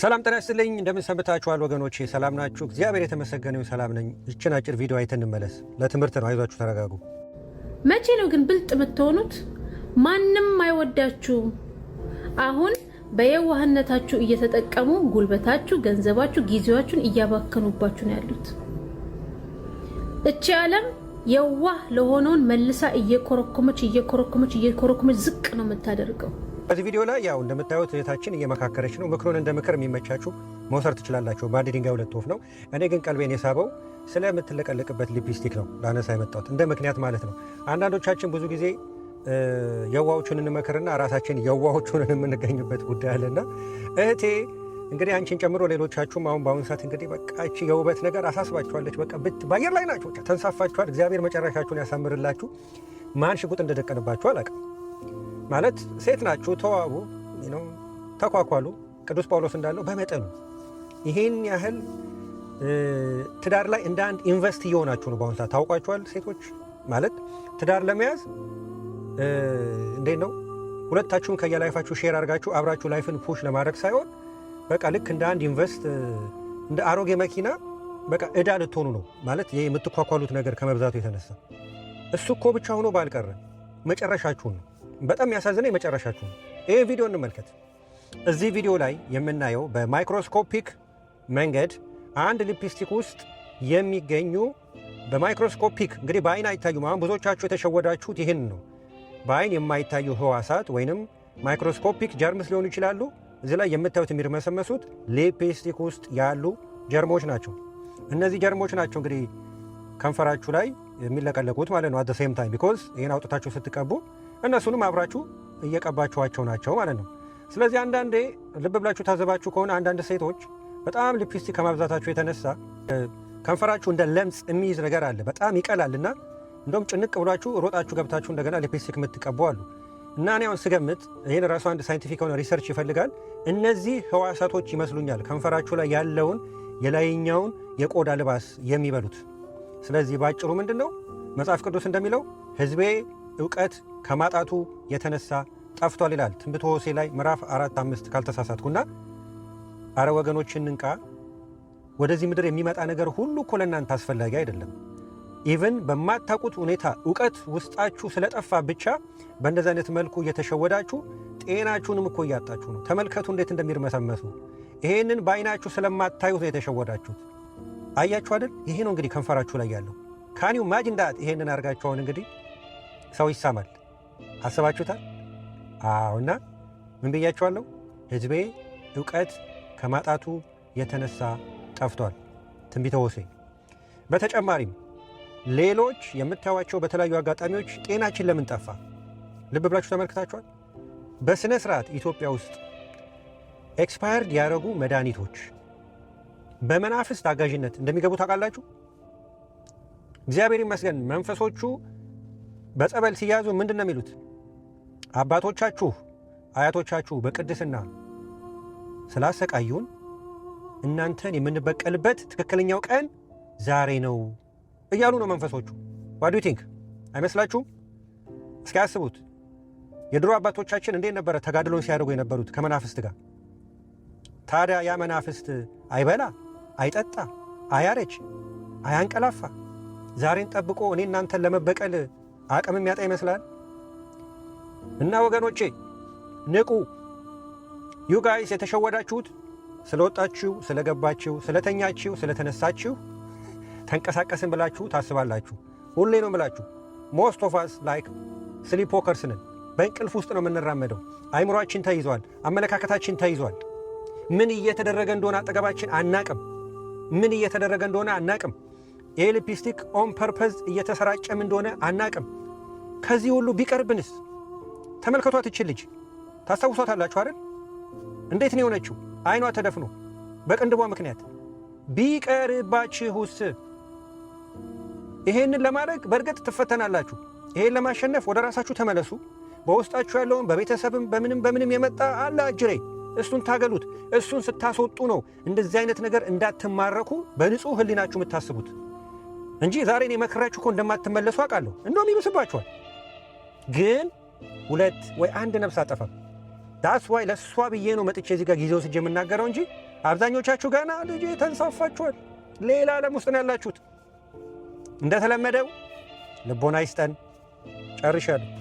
ሰላም ጤና ይስጥልኝ። እንደምን ሰንብታችኋል ወገኖቼ? ሰላም ናችሁ? እግዚአብሔር የተመሰገነ ሰላም ነኝ። ይችን አጭር ቪዲዮ አይተን እንመለስ። ለትምህርት ነው። አይዟችሁ፣ ተረጋጉ። መቼ ነው ግን ብልጥ የምትሆኑት? ማንም አይወዳችሁም። አሁን በየዋህነታችሁ እየተጠቀሙ ጉልበታችሁ፣ ገንዘባችሁ፣ ጊዜያችሁን እያባከኑባችሁ ነው ያሉት። እቺ ዓለም የዋህ ለሆነውን መልሳ እየኮረኮመች እየኮረኮመች እየኮረኮመች ዝቅ ነው የምታደርገው። በዚህ ቪዲዮ ላይ ያው እንደምታዩት እህታችን እየመካከረች ነው። ምክሩን እንደ ምክር የሚመቻችሁ መውሰድ ትችላላችሁ። በአንድ ድንጋይ ሁለት ወፍ ነው። እኔ ግን ቀልቤን የሳበው ስለምትለቀለቅበት ሊፕስቲክ ነው ላነሳ የመጣሁት እንደ ምክንያት ማለት ነው። አንዳንዶቻችን ብዙ ጊዜ የዋዎቹን እንመክርና ራሳችን የዋዎቹን የምንገኝበት ጉዳይ አለና እህቴ እንግዲህ አንቺን ጨምሮ ሌሎቻችሁም አሁን በአሁኑ ሰዓት እንግዲህ በቃ የውበት ነገር አሳስባችኋለች። በቃ ብት በአየር ላይ ናችሁ፣ ተንሳፋችኋል። እግዚአብሔር መጨረሻችሁን ያሳምርላችሁ። ማን ሽጉጥ እንደደቀንባችሁ አላውቅም። ማለት ሴት ናችሁ፣ ተዋቡ፣ ተኳኳሉ። ቅዱስ ጳውሎስ እንዳለው በመጠኑ ይህን ያህል ትዳር ላይ እንደ አንድ ኢንቨስት እየሆናችሁ ነው። በአሁኑ ሰዓት ታውቋችኋል። ሴቶች ማለት ትዳር ለመያዝ እንዴት ነው ሁለታችሁን ከየላይፋችሁ ሼር አድርጋችሁ አብራችሁ ላይፍን ፑሽ ለማድረግ ሳይሆን በቃ ልክ እንደ አንድ ኢንቨስት እንደ አሮጌ መኪና በቃ እዳ ልትሆኑ ነው ማለት ይህ የምትኳኳሉት ነገር ከመብዛቱ የተነሳ እሱ እኮ ብቻ ሆኖ ባልቀረ መጨረሻችሁን ነው በጣም ያሳዝነው የመጨረሻችሁ ነው። ይህ ቪዲዮ እንመልከት። እዚህ ቪዲዮ ላይ የምናየው በማይክሮስኮፒክ መንገድ አንድ ሊፕስቲክ ውስጥ የሚገኙ በማይክሮስኮፒክ እንግዲህ በአይን አይታዩም። አሁን ብዙዎቻችሁ የተሸወዳችሁት ይህን ነው። በአይን የማይታዩ ህዋሳት ወይንም ማይክሮስኮፒክ ጀርምስ ሊሆኑ ይችላሉ። እዚህ ላይ የምታዩት የሚርመሰመሱት ሊፕስቲክ ውስጥ ያሉ ጀርሞች ናቸው። እነዚህ ጀርሞች ናቸው እንግዲህ ከንፈራችሁ ላይ የሚለቀለቁት ማለት ነው። አት ሴም ታይም ቢኮዝ ይህን አውጥታችሁ ስትቀቡ እነሱንም አብራችሁ እየቀባችኋቸው ናቸው ማለት ነው። ስለዚህ አንዳንዴ ልብ ብላችሁ ታዘባችሁ ከሆነ አንዳንድ ሴቶች በጣም ሊፕስቲክ ከማብዛታችሁ የተነሳ ከንፈራችሁ እንደ ለምጽ የሚይዝ ነገር አለ። በጣም ይቀላል እና እንደውም ጭንቅ ብሏችሁ ሮጣችሁ ገብታችሁ እንደገና ሊፕስቲክ የምትቀቡ አሉ። እና እኔ አሁን ስገምት ይህን ራሱ አንድ ሳይንቲፊክ የሆነ ሪሰርች ይፈልጋል። እነዚህ ህዋሳቶች ይመስሉኛል ከንፈራችሁ ላይ ያለውን የላይኛውን የቆዳ ልባስ የሚበሉት። ስለዚህ ባጭሩ ምንድን ነው መጽሐፍ ቅዱስ እንደሚለው ህዝቤ እውቀት ከማጣቱ የተነሳ ጠፍቷል ይላል ትንቢተ ሆሴዕ ላይ ምዕራፍ አራት አምስት ካልተሳሳትኩና። አረ ወገኖች እንንቃ። ወደዚህ ምድር የሚመጣ ነገር ሁሉ እኮ ለእናንተ አስፈላጊ አይደለም። ኢቨን በማታውቁት ሁኔታ እውቀት ውስጣችሁ ስለጠፋ ብቻ በእንደዚህ አይነት መልኩ እየተሸወዳችሁ ጤናችሁንም እኮ እያጣችሁ ነው። ተመልከቱ እንዴት እንደሚርመሰመሱ። ይሄንን በአይናችሁ ስለማታዩት ነው የተሸወዳችሁት። አያችሁ አይደል? ይሄ ነው እንግዲህ ከንፈራችሁ ላይ ያለው ካኒው ማጅንዳት። ይሄንን አድርጋችሁ አሁን እንግዲህ ሰው ይሳማል። አስባችሁታል? አዎና ምን ብያችኋለሁ? ህዝቤ እውቀት ከማጣቱ የተነሳ ጠፍቷል። ትንቢተ ሆሴዕ። በተጨማሪም ሌሎች የምታዋቸው በተለያዩ አጋጣሚዎች ጤናችን ለምን ጠፋ? ልብ ብላችሁ ተመልክታችኋል። በሥነ ሥርዓት ኢትዮጵያ ውስጥ ኤክስፓየርድ ያደረጉ መድኃኒቶች በመናፍስት አጋዥነት እንደሚገቡ ታውቃላችሁ። እግዚአብሔር ይመስገን መንፈሶቹ በጸበል ሲያዙ ምንድን ነው የሚሉት? አባቶቻችሁ አያቶቻችሁ በቅድስና ስላሰቃዩን እናንተን የምንበቀልበት ትክክለኛው ቀን ዛሬ ነው እያሉ ነው መንፈሶቹ። ዋዱ ቲንክ አይመስላችሁም? እስኪ ያስቡት። የድሮ አባቶቻችን እንዴት ነበረ ተጋድሎን ሲያደርጉ የነበሩት ከመናፍስት ጋር? ታዲያ ያ መናፍስት አይበላ፣ አይጠጣ፣ አያረጅ፣ አያንቀላፋ ዛሬን ጠብቆ እኔ እናንተን ለመበቀል አቅም የሚያጣ ይመስላል። እና ወገኖቼ ንቁ። ዩ ጋይስ የተሸወዳችሁት ስለወጣችሁ፣ ስለገባችሁ፣ ስለተኛችሁ፣ ስለተነሳችሁ ተንቀሳቀስን ብላችሁ ታስባላችሁ። ሁሌ ነው ብላችሁ ሞስት ኦፍ አስ ላይክ ስሊፖከርስ ነን። በእንቅልፍ ውስጥ ነው የምንራመደው። አይምሯችን ተይዟል። አመለካከታችን ተይዟል። ምን እየተደረገ እንደሆነ አጠገባችን አናቅም። ምን እየተደረገ እንደሆነ አናቅም። ይሄ ሊፕስቲክ ኦን ፐርፐዝ እየተሰራጨም እንደሆነ አናቅም። ከዚህ ሁሉ ቢቀርብንስ? ተመልከቷት ይች ልጅ ታስታውሷታላችሁ አይደል? እንዴት ነው የሆነችው? አይኗ ተደፍኖ በቅንድቧ ምክንያት ቢቀርባችሁስ? ይሄንን ለማድረግ በእርግጥ ትፈተናላችሁ። ይሄን ለማሸነፍ ወደ ራሳችሁ ተመለሱ። በውስጣችሁ ያለውን በቤተሰብም በምንም በምንም የመጣ አለ አጅሬ እሱን ታገሉት። እሱን ስታስወጡ ነው እንደዚህ አይነት ነገር እንዳትማረኩ በንጹህ ህሊናችሁ የምታስቡት። እንጂ ዛሬ እኔ መክሬያችሁ እኮ እንደማትመለሱ አውቃለሁ። እንደውም ይብስባችኋል። ግን ሁለት ወይ አንድ ነፍስ አጠፋም። ዳስ ዋይ ለእሷ ብዬ ነው መጥቼ እዚህ ጋር ጊዜ ወስጄ የምናገረው እንጂ አብዛኞቻችሁ ገና ል ተንሳፋችኋል። ሌላ ዓለም ውስጥ ነው ያላችሁት። እንደተለመደው ልቦና ይስጠን። ጨርሻለሁ።